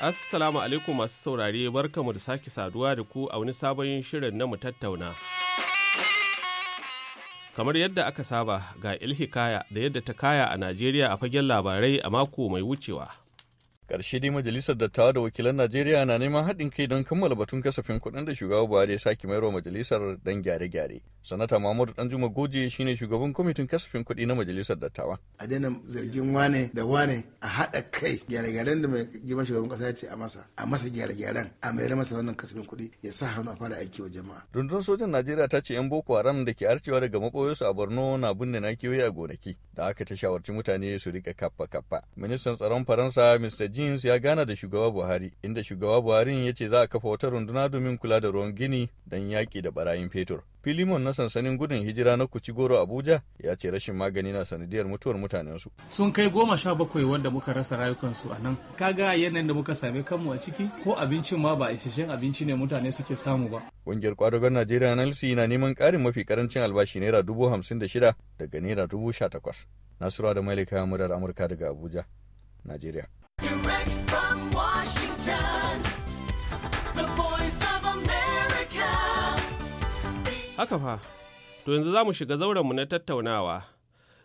Assalamu alaikum masu saurare barkamu da sake saduwa da ku a wani sabon shirin na mu tattauna. Kamar yadda aka saba ga ilhikaya da yadda ta kaya a Najeriya a fagen labarai a mako mai wucewa. karshe dai Majalisar Dattawa da Wakilan Najeriya na neman haɗin kai don kammala batun kasafin kuɗin da shugaba Buhari ya sake mayarwa majalisar don gyare-gyare. Sanata dan Danjuma Goje shine shugaban kwamitin kasafin kuɗi na Majalisar Dattawa. A daina zargin wane da wane a haɗa kai gyare-gyaren da mai girman shugaban ƙasa ya ce a masa, a masa gyare-gyaren a mayar masa wannan kasafin kuɗi ya sa hannu a fara aiki wa jama'a. Rundunar sojan Najeriya ta ce 'yan Boko Haram da ke arcewa daga maɓoyarsu a Borno na binne na a gonaki da aka ta shawarci mutane su riƙa kappa-kappa. Ministan tsaron Faransa Mr. jeans ya gana da shugaba Buhari, inda shugaba Buhari ya ce za a kafa wata runduna domin kula da ruwan Gini don yaƙi da barayin fetur. Filimon na sansanin gudun hijira na Kucigoro Abuja ya ce rashin magani na sanadiyar mutuwar mutanensu. Sun kai goma sha bakwai wanda muka rasa rayukansu a nan. Kaga yanayin da muka same kanmu a ciki ko abincin ma ba isasshen abinci ne mutane suke samu ba. Ƙungiyar kwadagon Najeriya NLC na neman ƙarin mafi ƙarancin albashi naira dubu hamsin da shida daga naira dubu sha takwas. Nasiru da Malika Murar Amurka daga Abuja, Najeriya. From Washington, the voice of Haka fa, to yanzu za mu shiga zaurenmu na tattaunawa.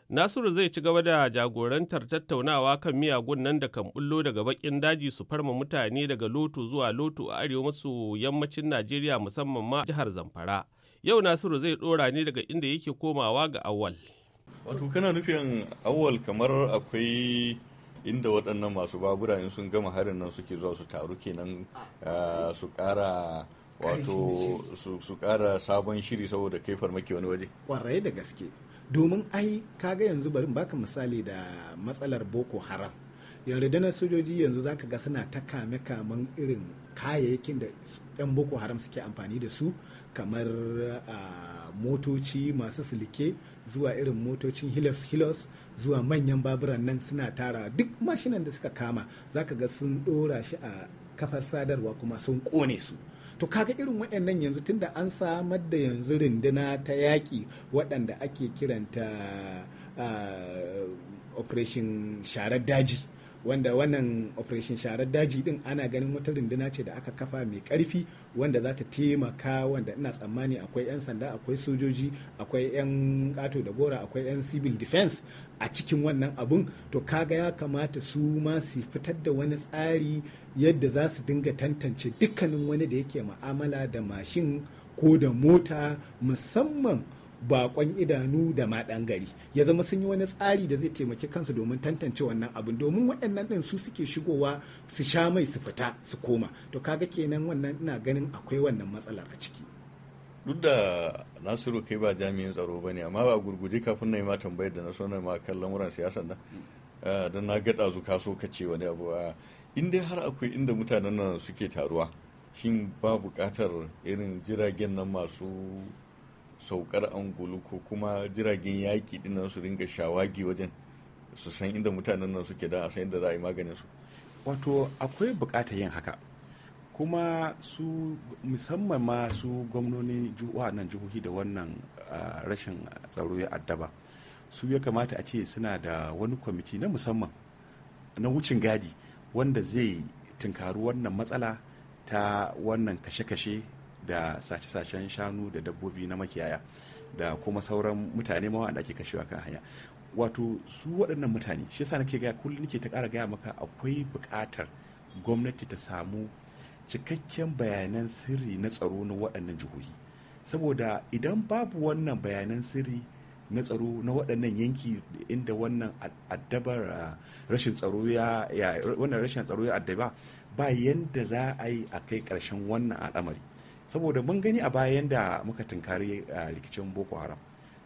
Nasiru zai ci gaba da jagorantar tattaunawa kan miyagun nan da kan bullo daga bakin daji su farma mutane daga loto zuwa loto a arewa maso yammacin Najeriya musamman ma jihar Zamfara. Yau Nasiru zai dora ne daga inda yake komawa ga awal. Wato kana nufin awal kamar akwai inda waɗannan masu babura in sun gama harin nan suke zuwa su taru kenan ah, su ƙara wato su ƙara sabon shiri saboda kai farmaki wani waje ƙwarai da gaske domin ai kaga yanzu barin baka misali da matsalar boko haram yanzu na sojoji yanzu za ka ga suna ta kame kaman irin kayayyakin da yan boko haram suke amfani da su kamar motoci masu silike zuwa irin motocin hilos hilos zuwa manyan baburan nan suna tara duk mashinan da suka kama za ka ga sun dora shi a kafar sadarwa kuma sun kone su to kaga irin waɗannan yanzu tunda an samar da yanzu runduna ta yaƙi waɗanda ake kiranta operation sharar daji wanda wannan operation sharar daji din ana ganin wata runduna ce da aka kafa mai karfi wanda za ta taimaka wanda ina tsammani akwai 'yan sanda akwai sojoji akwai 'yan kato da gora akwai 'yan civil defense a cikin wannan abun to kaga ya kamata su ma su fitar da wani tsari yadda za su dinga tantance dukkanin wani da yake ma'amala da mashin ko da mota musamman bakon idanu da maɗan gari ya zama sun yi wani tsari da zai taimaki kansu domin tantance wannan abin domin waɗannan ɗin su suke shigowa su sha mai su fita su koma to kaga kenan wannan ina ganin akwai wannan matsalar a ciki duk da nasiru kai ba jami'in tsaro ba ne amma ba gurguje kafin na yi ma tambayar da na so na ma kan lamuran siyasar nan ah, don na gaɗa ka so ka ce wani abu ah, in dai har akwai inda mutanen nan suke taruwa shin ba buƙatar irin jiragen nan masu saukar angulu ko kuma jiragen yaƙi dinnan su ringa shawagi wajen su san inda mutanen nan suke da a san inda za a yi maganin su wato akwai bukatar yin haka kuma su musamman ma su gwamnoni nan jihohi da wannan rashin tsaro ya addaba su ya kamata a ce suna da wani kwamiti na musamman na wucin gadi wanda zai tunkaru wannan matsala ta wannan kashe-kashe da sace-sacen shanu da dabbobi na makiyaya da kuma sauran mutane ma da ake kashewa kan hanya wato su waɗannan mutane shi yasa nake gaya kullum nake ta ƙara gaya maka akwai buƙatar gwamnati ta samu cikakken bayanan sirri na tsaro na waɗannan jihohi saboda idan babu wannan bayanan sirri na tsaro na waɗannan yanki inda wannan addabar ah, rashin tsaro ya wannan rashin tsaro ya addaba ba yanda za a yi a kai ƙarshen wannan al'amari saboda mun gani a bayan da muka tunkari rikicin boko haram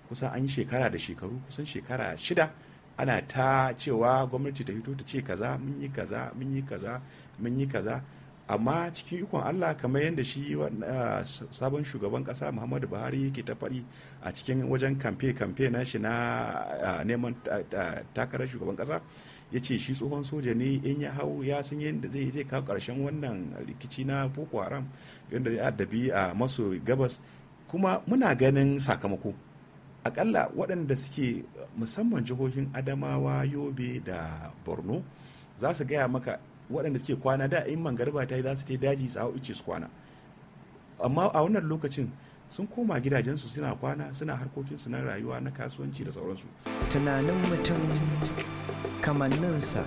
kusan an yi shekara da shekaru kusan shekara shida ana ta cewa gwamnati ta hito ta ce kaza mun yi kaza mun yi kaza mun yi kaza amma cikin ikon allah kamar yadda shi sabon shugaban kasa muhammadu buhari yake ta faɗi a cikin wajen kamfe kamfe na shi na neman takarar shugaban kasa ya ce shi tsohon soja ne in ya hau ya san yadda zai zai kawo karshen wannan rikici na boko haram yadda ya addabi a maso gabas kuma muna ganin sakamako akalla waɗanda suke musamman jihohin adamawa yobe da borno za su gaya maka waɗanda suke kwana da in mangarba ta yi za su ta daji su hau ice su kwana amma a wannan lokacin sun koma gidajensu suna kwana suna harkokinsu na rayuwa na kasuwanci da sauransu tunanin mutum kamanninsa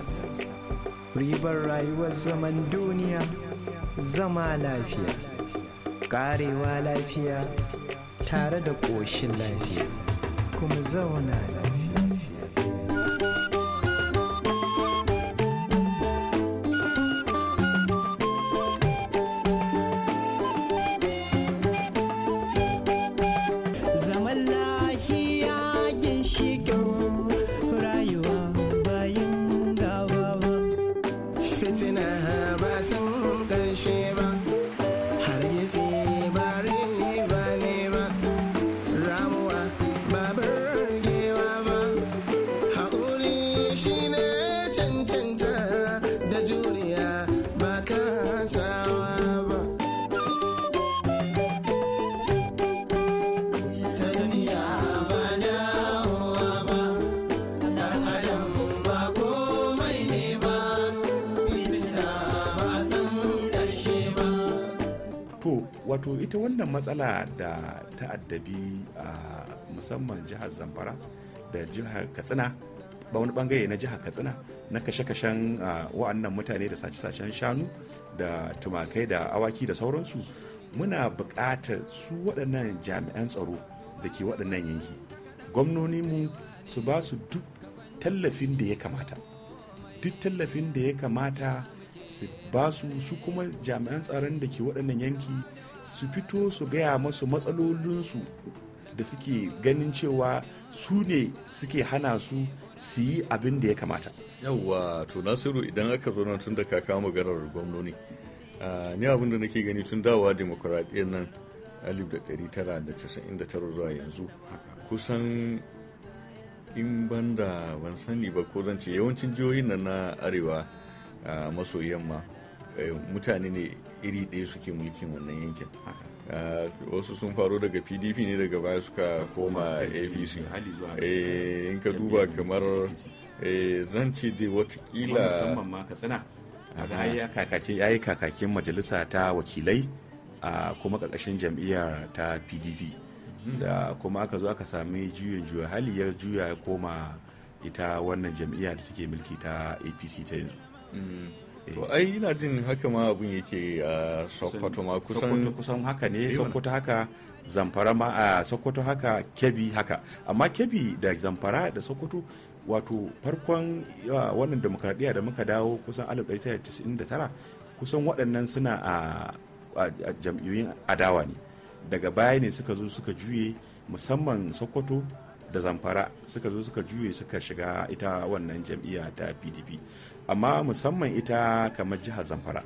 ribar rayuwar zaman duniya zama lafiya karewa lafiya tare da ƙoshin lafiya kuma zauna lafiya wato ita wannan matsala da ta addabi a musamman jihar zamfara da jihar katsina ba wani bangare na jihar katsina na kashe-kashen wa'annan mutane da sace-sacen shanu da tumakai da awaki da sauransu muna buƙatar su waɗannan jami'an tsaro da ke waɗannan yanki mu su ba su duk tallafin da ya kamata duk tallafin da ya kamata su ba su su kuma jami'an tsaron da ke waɗannan yanki su fito su gaya masu matsalolinsu da suke ganin cewa su ne suke hana su su yi abin da ya kamata yawwa to nasiru idan aka zo tun da kaka maganar gwamnoni ni abin da nake gani tun dawa demokuraɗiyyar nan 1999 zuwa yanzu kusan in banda ban sani ba ko zan yawancin jihohin nan na arewa maso yamma eh, mutane ne iri ɗaya suke mulkin wannan yankin wasu sun faro daga pdp ne daga baya suka koma apc eh, in ka duba kamar eh, zan ce dai watakila musamman ya yi kakakin majalisa ta wakilai a kuma ƙarƙashin jam'iyyar ta pdp da kuma aka zo aka sami juyin juya hali ya juya ya koma ita wannan jam'iyyar da take mulki ta apc ta yanzu mm. Eh. to ai ina jin haka ma abun yake a sokoto ma kusan kusan haka ne sokoto haka zamfara ma a sokoto haka kebi haka amma kebi da zamfara da sokoto wato farkon wannan demokradiyya da muka dawo kusan 1999 kusan waɗannan suna a jam'iyyun adawa ne daga baya ne suka zo suka juye musamman sokoto da zamfara suka zo suka juye suka shiga ita wannan jam'iyya ta pdp amma musamman ita kamar jihar zamfara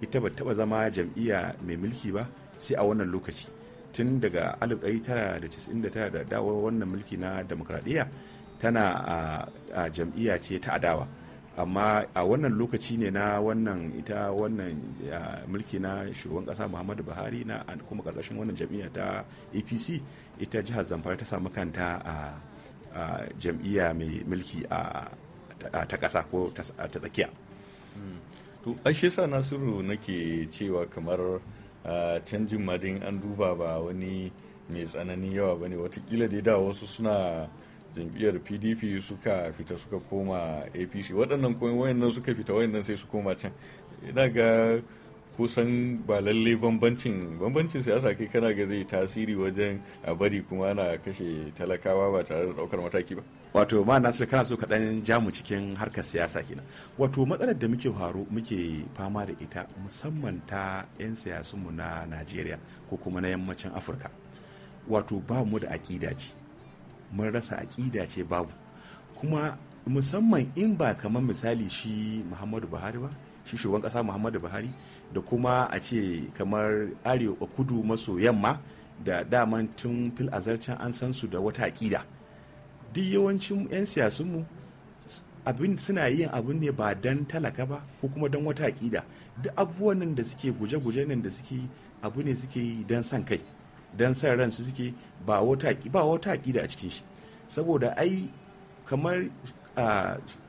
ita ba taba zama jam'iyya mai mulki ba sai a wannan lokaci tun daga 1999 da dawo wannan mulki na demokradiyya tana a jam'iyya ce ta adawa amma a wannan lokaci ne na wannan ita wannan mulki na shugaban kasa muhammadu buhari na kuma karkashin wannan jami'a ta apc ita jihar zamfara ta samu kanta a jam'iyya mai mulki a ta kasa ko ta tsakiya hmm. to ashe sa nasiru nake cewa kamar canjin madin an duba ba wani mai tsananin yawa bane watakila dai da wasu suna jam'iyyar pdp suka fita suka koma apc waɗannan koyon wayannan suka fita wayannan sai su koma can ina ga kusan ba lalle bambancin bambancin siyasa kai kana ga zai tasiri wajen a bari kuma ana kashe talakawa ba tare da ɗaukar mataki ba wato ma nasir kana so kaɗan ja mu cikin harkar siyasa kenan wato matsalar da muke haro muke fama da ita musamman ta 'yan siyasunmu na najeriya ko kuma na yammacin afirka wato ba mu da aƙida ce mun rasa aƙida ce babu kuma musamman in ba kamar misali shi muhammadu buhari ba shi shugaban ƙasa muhammadu buhari da kuma a ce kamar arewa kudu maso yamma da daman tun fil an san su da wata aƙida duk yawancin 'yan siyasunmu abin suna yin abin ne ba don talaka ba ko kuma don wata aƙida duk abubuwan da suke guje-guje nan da suke abu ne suke yi don san kai don sa ran su suke ba wata ba wata aƙida a cikin shi saboda ai kamar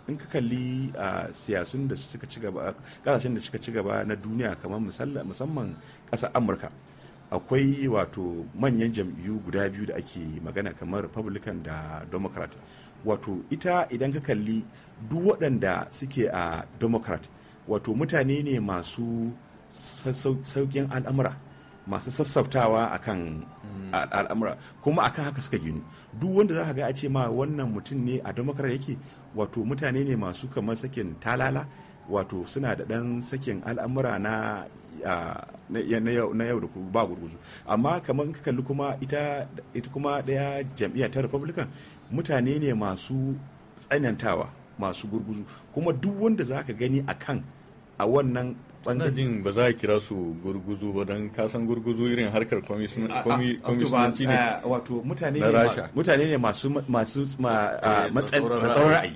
in ka kalli siyasun da suka ci gaba kasashen da suka ci gaba na duniya kamar musamman ƙasar amurka akwai wato manyan jam'iyyu guda biyu da ake magana kamar republican da democrat wato ita idan ka kalli duk waɗanda suke a democrat wato mutane ne masu sauƙin al'amura masu sassautawa akan mm. al'amura kuma akan haka suka ginu duk wanda za ka ga a ce ma wannan mutum ne a damakar yake wato mutane ne masu kamar sakin talala wato suna da dan sakin al'amura na na yau da ba gurguzu amma kamar ka kalli kuma ita kuma daya jam'iyya ta republican mutane ne masu tsanantawa masu gurguzu kuma duk wanda za ka gani akan a wannan bangare jin ba za a kira su gurguzu ba don kasan gurguzu irin harkar kwamishinanci ne wato eh, mutane mutane ne masu masu matsauran eh, ra'ayi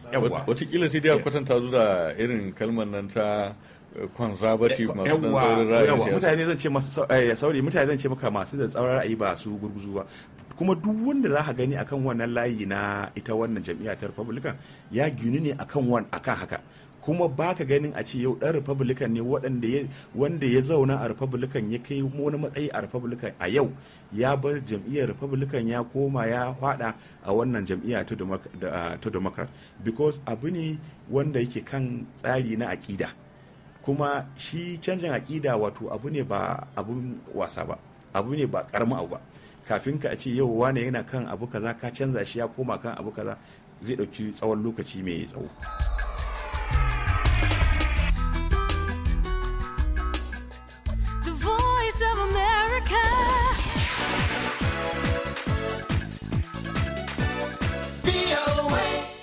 watakila sai dai a eh. kwatanta da irin kalmar nan ta conservative masu ɗan tsaurin ra'ayi mutane zan ce masu sauri mutane zan ce maka masu da tsaurin ra'ayi ba su gurguzu ba kuma duk wanda za ka gani akan wannan layi na ita wannan jam'iyyar ta republican ya gini ne akan wan akan haka kuma ba ka ganin a ce yau dan republican ne wanda ya zauna a republican ya kai wani matsayi a republican a yau ya bar jam'iyyar republican ya koma ya hwada a wannan jam'iyyar ta democrat because abu ne wanda yake kan tsari na akida kuma shi canjin akida wato abu ne ba abun wasa ba abu ne ba karamin abu ba kafin ka ce yau wane yana kan abu kaza ka canza shi ya koma kan abu kaza zai ɗauki tsawon lokaci mai tsawo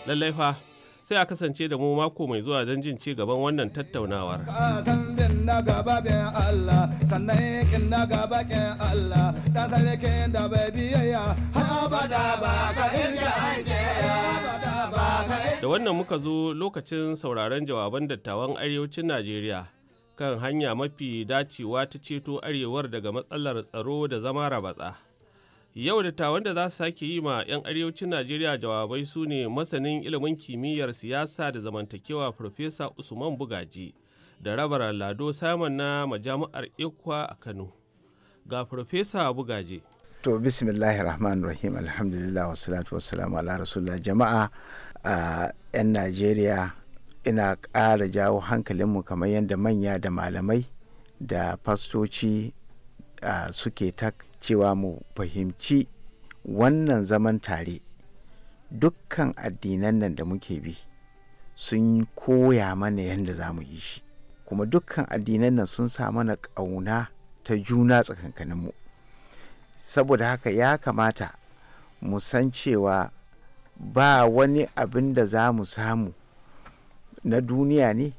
lallai fa sai a kasance da mu mako mai zuwa don jin ci gaban wannan tattaunawar. Da wannan muka zo lokacin sauraron jawaban dattawan arewacin Najeriya kan hanya mafi dacewa ta ceto arewar daga matsalar tsaro da zama rabatsa. Yau da dattawan da za su sake yi ma 'yan arewacin Najeriya jawabai su ne masanin ilimin kimiyyar siyasa da zamantakewa Farfesa Usman Bugaji da rabar Lado Simon na majami'ar Ikwa a Kano. Ga Farfesa Bugaji. To bismillahir rahmanir rahim alhamdulillah wassalatu wassalamu ala rasulullah jama'a a 'yan Najeriya ina ƙara jawo hankalinmu kamar yadda manya da malamai da fastoci uh, suke ta cewa mu fahimci wannan zaman tare dukkan addinan nan da muke bi sun koya mana yadda za mu yi shi kuma dukkan addinan nan sun sa mana ƙauna ta juna tsakankaninmu saboda haka ya kamata mu san cewa ba wani abin da za mu samu na duniya ne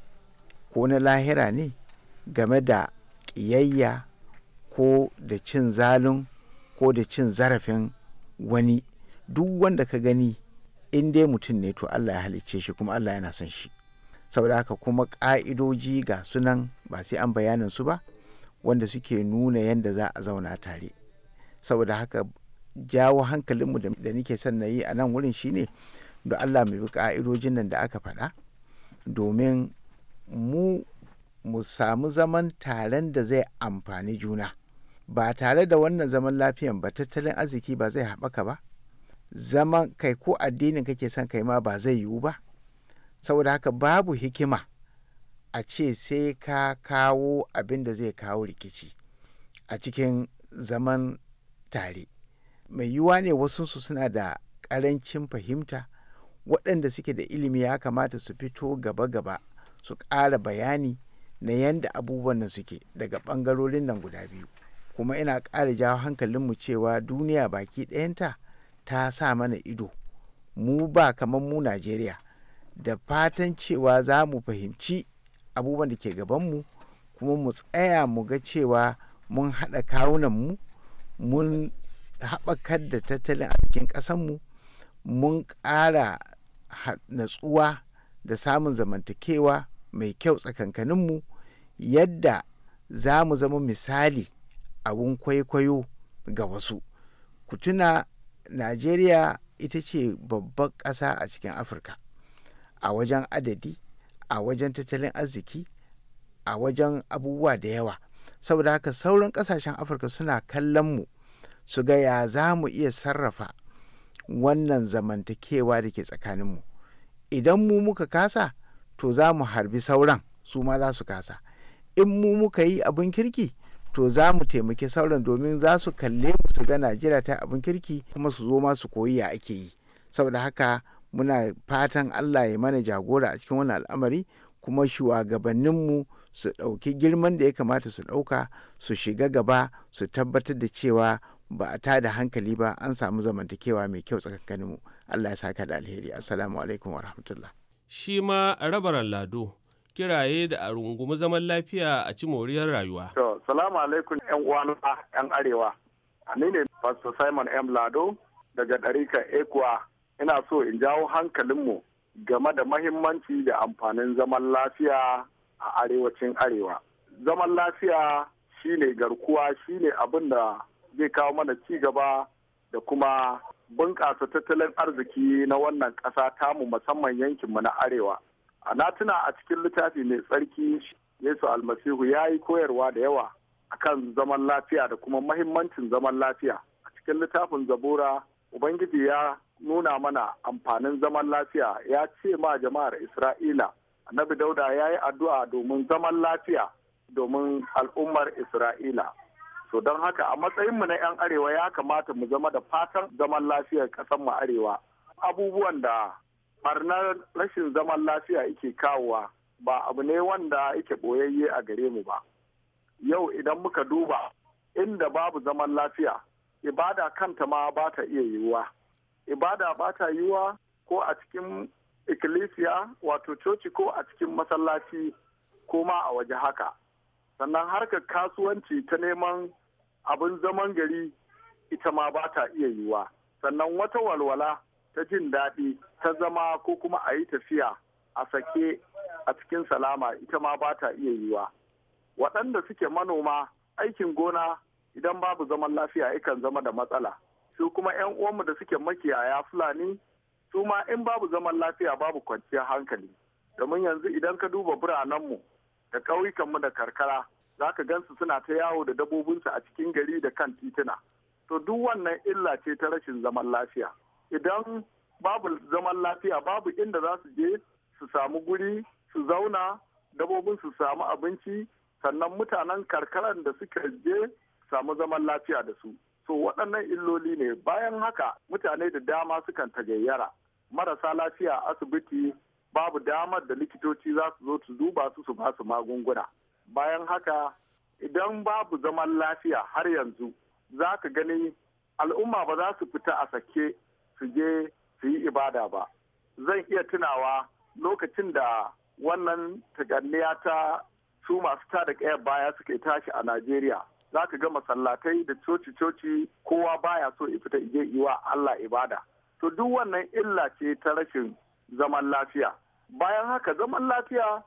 ko na lahira ne game da ƙiyayya ko da cin zalun ko da cin zarafin wani duk wanda ka gani in dai mutum ne to Allah ya halicce shi kuma Allah yana son shi saboda haka kuma ƙa'idoji ga sunan ba sai an bayanin su ba wanda suke nuna yadda za a zauna tare saboda haka jawo hankalinmu da nike son na yi a nan wurin shine da Allah mai bi ƙa'idojin nan da aka faɗa domin mu mu samu zaman taren da zai amfani juna ba tare da wannan zaman lafiyan ba tattalin arziki ba zai haɓaka ba zaman kai ko addinin kake son kai ma ba zai yiwu ba saboda haka babu hikima a ce sai ka kawo abin da zai kawo rikici a cikin zaman tare mai yiwuwa ne wasu suna da ƙarancin fahimta waɗanda suke da ilimi ya kamata su fito gaba-gaba su ƙara bayani na yadda abubuwan nan suke daga ɓangarorin nan guda biyu kuma ina ƙara jawo hankalinmu cewa duniya baki ɗayanta ta sa mana ido mu ba kamar mu najeriya da fatan cewa za mu fahimci abubuwan da ke gabanmu kuma mu tsaya mu ga cewa mun haɗa kawunanmu mun haɓakar da tattalin arzikin ƙasanmu mun ƙara natsuwa da samun zamantakewa mai kyau tsakankaninmu yadda za mu zama misali abun kwaikwayo ga wasu ku tuna najeriya ita ce babban ƙasa a cikin afirka a wajen adadi a wajen tattalin arziki a wajen abubuwa da yawa saboda haka sauran ƙasashen afirka suna kallon mu su ga ya za mu iya sarrafa wannan zamantakewa da ke tsakaninmu idan mu muka kasa to za mu harbi sauran su ma za su kasa in mu muka yi abin kirki to za mu taimaki sauran domin za su kalle mu su ga najeriya ta abin kirki kuma su zo ma su koyi ya ake yi saboda haka muna fatan allah ya mana jagora a cikin wani al'amari kuma shugabanninmu su ɗauki girman da ya kamata su ɗauka su shiga gaba su tabbatar da cewa ba a tada hankali ba an samu zamantakewa mai kyau tsakankaninmu allah ya saka da alheri assalamu alaikum warahmatullah shi ma rabaran lado kiraye da a rungumi zaman lafiya a ci moriyar rayuwa. To, salamu alaikum ‘yan uwana ‘yan arewa. Ni ne Pastor Simon M. Lado daga ɗarika Ekuwa. Ina so in jawo hankalinmu game da mahimmanci da amfanin zaman lafiya a arewacin arewa. Zaman lafiya shi ne garkuwa shi ne abin da zai kawo mana ci gaba da kuma bunƙasa tattalin arziki na wannan ƙasa tamu musamman yankinmu na arewa. na tuna a cikin littafi mai tsarki yesu almasihu ya yi koyarwa da yawa akan zaman lafiya da kuma mahimmancin zaman lafiya a cikin littafin zabura ubangiji ya nuna mana amfanin zaman lafiya ya ce ma jama'ar isra'ila annabi dauda ya yi addu'a domin zaman lafiya domin al'ummar isra'ila to don haka a matsayinmu na 'yan arewa ya kamata mu zama da fatan zaman lafiyar mu arewa abubuwan da barnar rashin zaman lafiya yake kawowa ba abu ne wanda yake boyayye a gare mu ba yau idan muka duba inda babu zaman lafiya ibada kanta ma ba ta iya yiwuwa ibada ba ta yiwuwa ko a cikin ikkilisiya wato coci ko a cikin masallaci ko ma a waje haka sannan harkar kasuwanci ta neman abin zaman gari ita ma ba ta iya yiwuwa sannan wata walwala ta jin daɗi ta zama ko kuma a yi tafiya a sake a cikin salama ita ma ba ta iya yiwa waɗanda suke manoma aikin gona idan babu zaman lafiya ikan zama da matsala su kuma 'yan uwanmu da suke makiyaya fulani su ma in babu zaman lafiya babu kwanciyar hankali domin yanzu idan ka duba biranenmu da ƙauyukanmu da karkara za ka gansu suna ta yawo da dabobinsu a cikin gari da kan tituna to duk wannan illa ce ta rashin zaman lafiya idan babu zaman lafiya babu inda za su je su samu guri su zauna dabobin su samu abinci sannan mutanen karkaran da suka je samu zaman lafiya da su so waɗannan illoli ne bayan haka mutane da dama sukan tagayyara marasa lafiya asibiti babu damar da likitoci za su zo su duba su su basu magunguna bayan haka idan babu zaman lafiya har yanzu za ka gani al'umma ba za su fita a sake su je su yi ibada ba zan iya tunawa lokacin da wannan taganniya ta su masu tada kayan baya suke tashi a najeriya za ka ga masallatai da coci-coci kowa baya so ya fita ije iwa allah ibada to duk wannan illa ce ta rashin zaman lafiya bayan haka zaman lafiya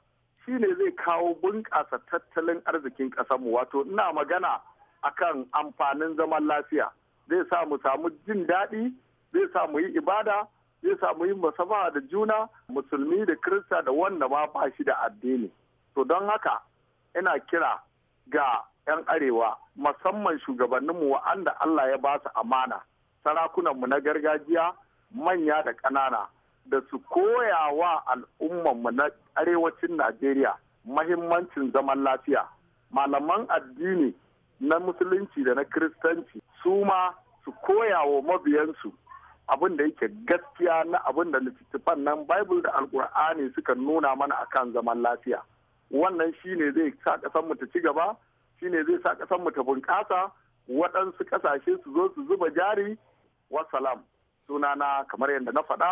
shine zai kawo bunƙasa tattalin arzikin ƙasarmu wato ina magana akan amfanin zaman lafiya zai sa mu samu jin daɗi zai sa mu yi ibada zai sa mu yi musafa da juna musulmi da kirista da wanda ma ba shi da addini to don haka ina kira ga 'yan arewa musamman shugabanninmu wa'anda Allah ya ba su amana sarakunanmu na gargajiya manya da ƙanana da su koya wa al'ummanmu na arewacin Najeriya mahimmancin zaman lafiya malaman addini na musulunci da na kiristanci su ma su koya wa mabiyansu abin da yake gaskiya na abin da littattafan nan bible da alkur'ani suka nuna mana akan zaman lafiya wannan shine zai sa kasan mu ta ci gaba shine zai sa kasan mu ta bunƙasa waɗansu ƙasashe su zo su zuba jari wasalam sunana kamar yadda na faɗa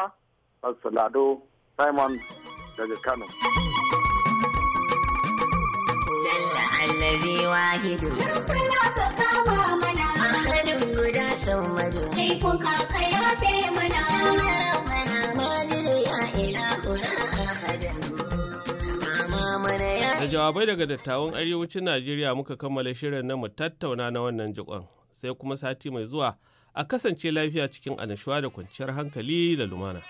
salado simon daga kano jalla guda sau bai daga dattawan arewacin najeriya muka kammala shirin na mu tattauna na wannan jikon sai kuma sati mai zuwa a kasance lafiya cikin annashuwa da kwanciyar hankali da lumana.